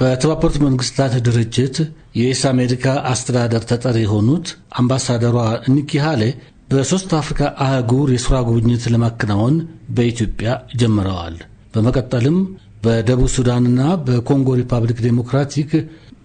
በተባበሩት መንግስታት ድርጅት የዩኤስ አሜሪካ አስተዳደር ተጠሪ የሆኑት አምባሳደሯ ኒኪ ሃሌ በሶስት አፍሪካ አህጉር የሥራ ጉብኝት ለማከናወን በኢትዮጵያ ጀምረዋል። በመቀጠልም በደቡብ ሱዳንና በኮንጎ ሪፐብሊክ ዴሞክራቲክ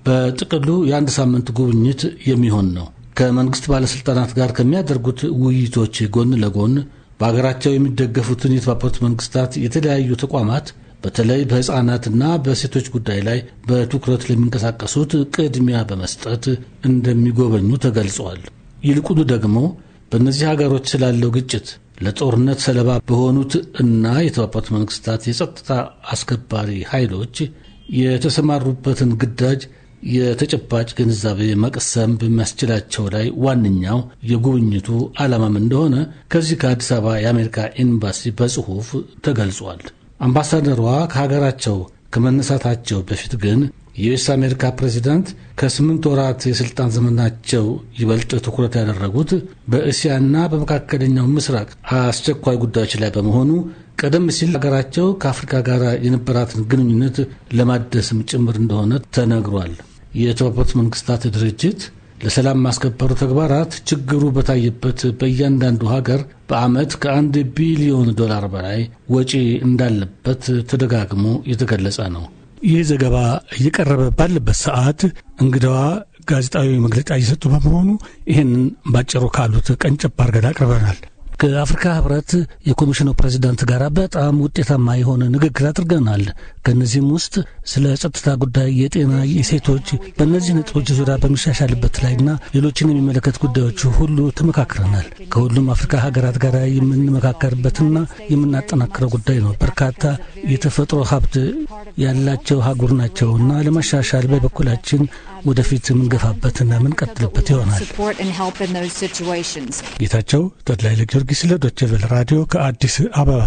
በጥቅሉ የአንድ ሳምንት ጉብኝት የሚሆን ነው። ከመንግሥት ባለሥልጣናት ጋር ከሚያደርጉት ውይይቶች ጎን ለጎን በአገራቸው የሚደገፉትን የተባበሩት መንግስታት የተለያዩ ተቋማት በተለይ በህፃናትና በሴቶች ጉዳይ ላይ በትኩረት ለሚንቀሳቀሱት ቅድሚያ በመስጠት እንደሚጎበኙ ተገልጿል። ይልቁኑ ደግሞ በእነዚህ ሀገሮች ስላለው ግጭት ለጦርነት ሰለባ በሆኑት እና የተባበሩት መንግስታት የጸጥታ አስከባሪ ኃይሎች የተሰማሩበትን ግዳጅ የተጨባጭ ግንዛቤ መቅሰም በሚያስችላቸው ላይ ዋነኛው የጉብኝቱ ዓላማም እንደሆነ ከዚህ ከአዲስ አበባ የአሜሪካ ኤምባሲ በጽሑፍ ተገልጿል። አምባሳደሯ ከሀገራቸው ከመነሳታቸው በፊት ግን የዩኤስ አሜሪካ ፕሬዚዳንት ከስምንት ወራት የሥልጣን ዘመናቸው ይበልጥ ትኩረት ያደረጉት በእስያና በመካከለኛው ምስራቅ አስቸኳይ ጉዳዮች ላይ በመሆኑ ቀደም ሲል ሀገራቸው ከአፍሪካ ጋር የነበራትን ግንኙነት ለማደስም ጭምር እንደሆነ ተነግሯል። የተባበሩት መንግስታት ድርጅት ለሰላም ማስከበሩ ተግባራት ችግሩ በታየበት በእያንዳንዱ ሀገር በዓመት ከአንድ ቢሊዮን ዶላር በላይ ወጪ እንዳለበት ተደጋግሞ የተገለጸ ነው። ይህ ዘገባ እየቀረበ ባለበት ሰዓት እንግዳዋ ጋዜጣዊ መግለጫ እየሰጡ በመሆኑ ይህንን ባጭሩ ካሉት ቀንጨብ አድርገን አቅርበናል። ከአፍሪካ ህብረት የኮሚሽኑ ፕሬዚዳንት ጋር በጣም ውጤታማ የሆነ ንግግር አድርገናል። ከእነዚህም ውስጥ ስለ ጸጥታ ጉዳይ፣ የጤና፣ የሴቶች በእነዚህ ነጥቦች ዙሪያ በሚሻሻልበት ላይና ሌሎችን የሚመለከት ጉዳዮች ሁሉ ተመካክረናል። ከሁሉም አፍሪካ ሀገራት ጋር የምንመካከርበትና የምናጠናክረው ጉዳይ ነው። በርካታ የተፈጥሮ ሀብት ያላቸው ሀጉር ናቸውና ለመሻሻል በበኩላችን ወደፊት የምንገፋበትና የምንቀጥልበት ይሆናል። ጌታቸው ተድላይ ለጊዮርጊስ ለዶቼ ቬለ ራዲዮ ከአዲስ አበባ